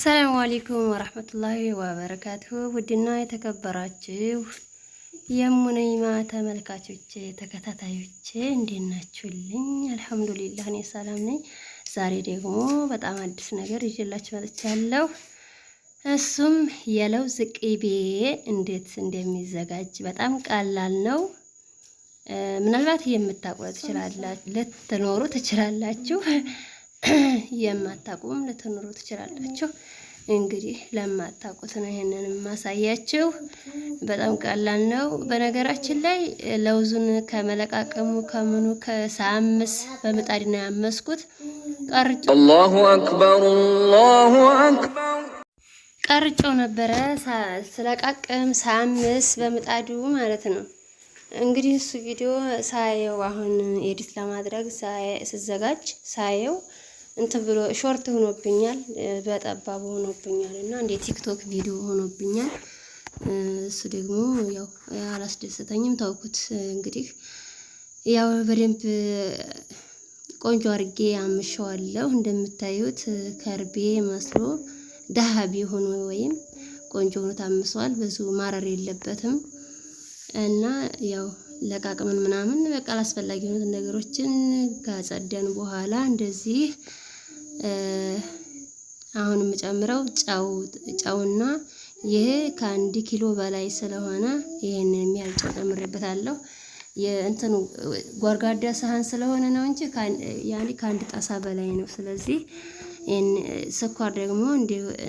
ሰላም አለይኩም ወራህመቱላሂ ወበረካቱሁ። ውድና የተከበራችሁ የሙነይማ ተመልካቾች ተከታታዮቼ እንዴት ናችሁልኝ? አልሐምዱሊላህ እኔ ሰላም ነኝ። ዛሬ ደግሞ በጣም አዲስ ነገር ይዤላችሁ መጥቻለሁ። እሱም የለውዝ ቅቤ እንዴት እንደሚዘጋጅ በጣም ቀላል ነው። ምናልባት የምታውቁ ትችላላችሁ፣ ልትኖሩ ትችላላችሁ የማታውቁም ልትኖሩ ትችላላችሁ። እንግዲህ ለማታውቁት ነው ይሄንን የማሳያችሁ። በጣም ቀላል ነው። በነገራችን ላይ ለውዙን ከመለቃቀሙ ከምኑ ከሳምስ በምጣድ ነው ያመስኩት። ቀርጬ አላሁ አክበር አላሁ አክበር ቀርጬው ነበረ ስለቃቅም ሳምስ በምጣዱ ማለት ነው። እንግዲህ እሱ ቪዲዮ ሳየው አሁን ኤዲት ለማድረግ ስዘጋጅ ሳየው እንትን ብሎ ሾርት ሆኖብኛል፣ በጠባብ ሆኖብኛል እና እንደ ቲክቶክ ቪዲዮ ሆኖብኛል። እሱ ደግሞ ያው አላስደሰተኝም፣ ታውኩት። እንግዲህ ያው በደንብ ቆንጆ አርጌ አምሸዋለሁ። እንደምታዩት ከርቤ መስሎ ዳሃ ቢሆን ወይም ቆንጆ ሆኖ ታምሷል። ብዙ ማረር የለበትም እና ያው ለቃቅምን ምናምን በቃ አላስፈላጊ የሆኑትን ነገሮችን ካጸደን በኋላ እንደዚህ አሁን የምጨምረው ጨው ጨውና ይሄ ከአንድ ኪሎ በላይ ስለሆነ ይሄንን የሚያህል ጨው ጨምሬበታለሁ። የእንትኑ ጎርጓዳ ሳህን ስለሆነ ነው እንጂ ያኔ ከአንድ ጣሳ በላይ ነው። ስለዚህ ስኳር ደግሞ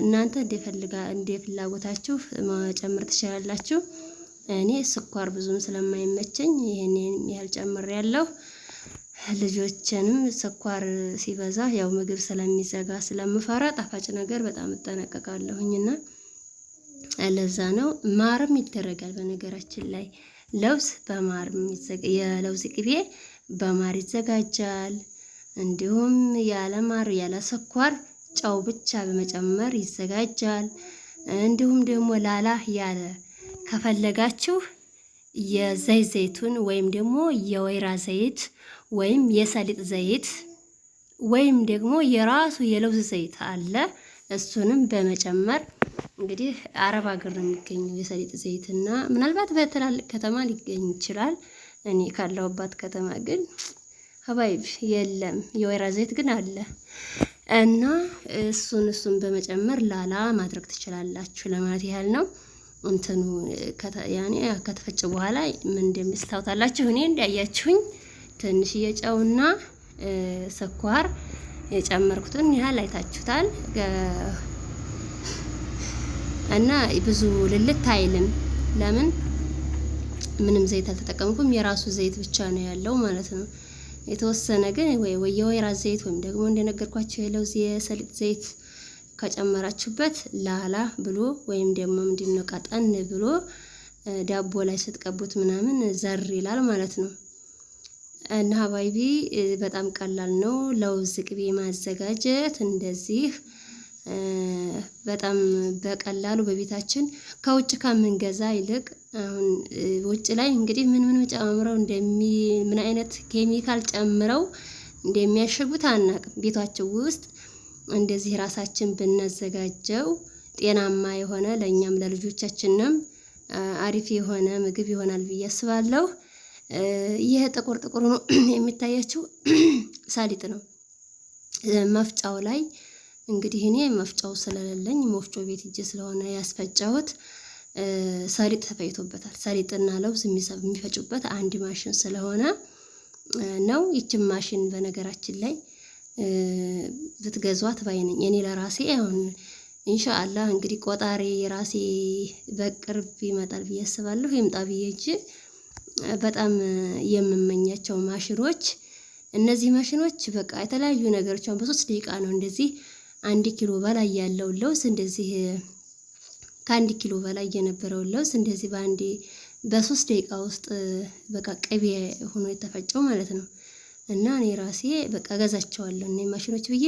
እናንተ እንደፈልጋ እንደ ፍላጎታችሁ መጨመር ትችላላችሁ። እኔ ስኳር ብዙም ስለማይመቸኝ ይሄን ያህል ጨምሬያለሁ። ልጆችንም ስኳር ሲበዛ ያው ምግብ ስለሚዘጋ ስለምፈራ ጣፋጭ ነገር በጣም እጠነቀቃለሁኝና ለዛ ነው። ማርም ይደረጋል በነገራችን ላይ ለውዝ በማር የለውዝ ቅቤ በማር ይዘጋጃል። እንዲሁም ያለ ማር ያለ ስኳር ጨው ብቻ በመጨመር ይዘጋጃል። እንዲሁም ደግሞ ላላ ያለ ከፈለጋችሁ የዘይት ዘይቱን ወይም ደግሞ የወይራ ዘይት ወይም የሰሊጥ ዘይት ወይም ደግሞ የራሱ የለውዝ ዘይት አለ። እሱንም በመጨመር እንግዲህ አረብ ሀገር ነው የሚገኘው የሰሊጥ ዘይት እና ምናልባት በትላልቅ ከተማ ሊገኝ ይችላል። እኔ ካለሁባት ከተማ ግን ሀባይብ የለም። የወይራ ዘይት ግን አለ እና እሱን እሱን በመጨመር ላላ ማድረግ ትችላላችሁ ለማለት ያህል ነው። እንትኑ ያኔ ከተፈጨ በኋላ ምን እንደሚስታውታላችሁ እኔ እንዳያችሁኝ ትንሽ ጨውና ስኳር የጨመርኩትን ያህል አይታችሁታል። እና ብዙ ልልት አይልም። ለምን ምንም ዘይት አልተጠቀምኩም። የራሱ ዘይት ብቻ ነው ያለው ማለት ነው። የተወሰነ ግን ወይ የወይራ ዘይት ወይም ደግሞ እንደነገርኳቸው የለውዝ የሰሊጥ ዘይት ከጨመራችሁበት ላላ ብሎ ወይም ደግሞ ምንድነው ቀጠን ብሎ ዳቦ ላይ ስትቀቡት ምናምን ዘር ይላል ማለት ነው። እና ሀባይቢ በጣም ቀላል ነው። ለውዝ ቅቤ ማዘጋጀት እንደዚህ በጣም በቀላሉ በቤታችን ከውጭ ከምንገዛ ይልቅ አሁን ውጭ ላይ እንግዲህ ምን ምን ጨምረው እንደሚ ምን አይነት ኬሚካል ጨምረው እንደሚያሽጉት አናቅም ቤታቸው ውስጥ እንደዚህ ራሳችን ብናዘጋጀው ጤናማ የሆነ ለእኛም ለልጆቻችንም አሪፍ የሆነ ምግብ ይሆናል ብዬ አስባለሁ። ይህ ጥቁር ጥቁር ነው የሚታያችው ሰሊጥ ነው። መፍጫው ላይ እንግዲህ እኔ መፍጫው ስለሌለኝ መፍጮ ቤት እጅ ስለሆነ ያስፈጫሁት ሰሊጥ ተፈይቶበታል። ሰሊጥና ለውዝ የሚፈጩበት አንድ ማሽን ስለሆነ ነው። ይችን ማሽን በነገራችን ላይ ብትገዟት ባይነኝ እኔ ለራሴ አሁን ኢንሻአላህ እንግዲህ ቆጣሪ ራሴ በቅርብ ይመጣል ብዬ አስባለሁ። ይምጣ ብዬ በጣም የምመኛቸው ማሽኖች እነዚህ ማሽኖች በቃ የተለያዩ ነገሮች በሶስት ደቂቃ ነው እንደዚህ አንድ ኪሎ በላይ ያለውን ለውዝ እንደዚህ ከአንድ ኪሎ በላይ የነበረውን ለውዝ እንደዚህ በአንዴ በሶስት ደቂቃ ውስጥ በቃ ቅቤ ሆኖ የተፈጨው ማለት ነው። እና እኔ ራሴ በቃ ገዛቸዋለሁ እኔ ማሽኖች ብዬ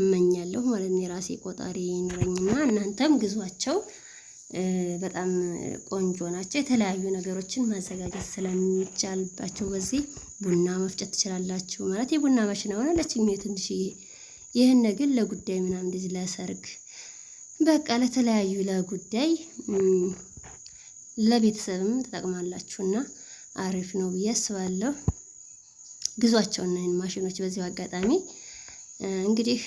እመኛለሁ ማለት ነው። የራሴ ቆጣሪ ይኖረኝና እናንተም ግዟቸው። በጣም ቆንጆ ናቸው። የተለያዩ ነገሮችን ማዘጋጀት ስለሚቻልባቸው በዚህ ቡና መፍጨት ትችላላችሁ። ማለት የቡና ማሽን ሆነ ሚ ትንሽ ይህን ግን ለጉዳይ ምናምን እንደዚህ ለሰርግ በቃ ለተለያዩ ለጉዳይ ለቤተሰብም ትጠቅማላችሁና አሪፍ ነው ብዬ አስባለሁ። ግዟቸው እነዚህን ማሽኖች። በዚሁ አጋጣሚ እንግዲህ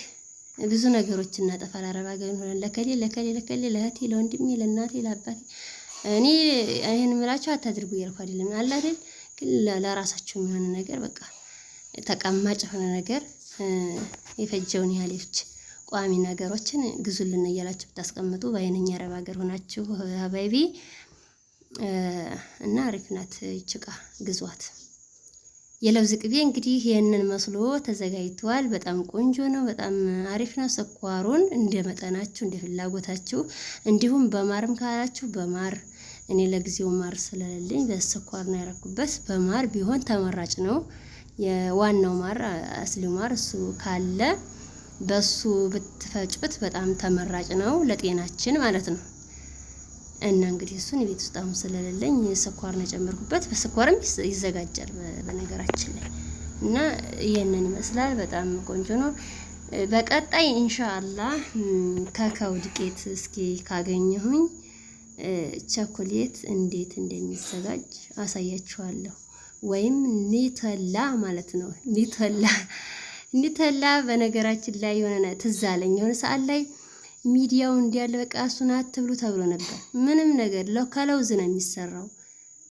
ብዙ ነገሮች እናጠፋል። አረብ ሀገር ሆነን ለከሌ ለከሌ ለከሌ ለእህቴ፣ ለወንድሜ፣ ለእናቴ፣ ለአባቴ እኔ ይህን ምላቸው አታድርጉ እያልኩ አይደለም አለ አይደል። ግን ለራሳችሁ የሚሆነ ነገር በቃ ተቀማጭ የሆነ ነገር የፈጀውን ያህሎች ቋሚ ነገሮችን ግዙልን እያላችሁ ብታስቀምጡ በአይነኛ አረብ ሀገር ሆናችሁ ሀባይቢ እና አሪፍ ናት ችቃ ግዟት። የለውዝ ቅቤ እንግዲህ ይህንን መስሎ ተዘጋጅተዋል። በጣም ቆንጆ ነው፣ በጣም አሪፍ ነው። ስኳሩን እንደ መጠናችሁ እንደ ፍላጎታችሁ፣ እንዲሁም በማርም ካላችሁ በማር እኔ ለጊዜው ማር ስለሌለኝ በስኳር ነው ያረኩበት። በማር ቢሆን ተመራጭ ነው። የዋናው ማር አስሊ ማር እሱ ካለ በሱ ብትፈጩት በጣም ተመራጭ ነው ለጤናችን ማለት ነው። እና እንግዲህ እሱን ቤት ውስጥ አሁን ስለሌለኝ ስኳር ነው የጨመርኩበት። በስኳርም ይዘጋጃል በነገራችን ላይ እና ይህንን ይመስላል። በጣም ቆንጆ ነው። በቀጣይ ኢንሻአላ ካካው ዱቄት እስኪ ካገኘሁኝ ቸኮሌት እንዴት እንደሚዘጋጅ አሳያችኋለሁ። ወይም ኒተላ ማለት ነው። ኒተላ ኒተላ በነገራችን ላይ የሆነ ትዝ አለኝ የሆነ ሰዓት ላይ ሚዲያው እንዲያለ በቃ እሱን አትብሉ ተብሎ ነበር። ምንም ነገር ከለውዝ ነው የሚሰራው።